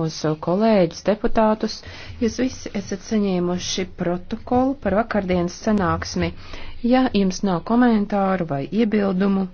mūsu kolēģus, deputātus. Jūs visi esat saņēmuši protokolu par vakardienas sanāksmi. Ja jums nav komentāru vai iebildumu,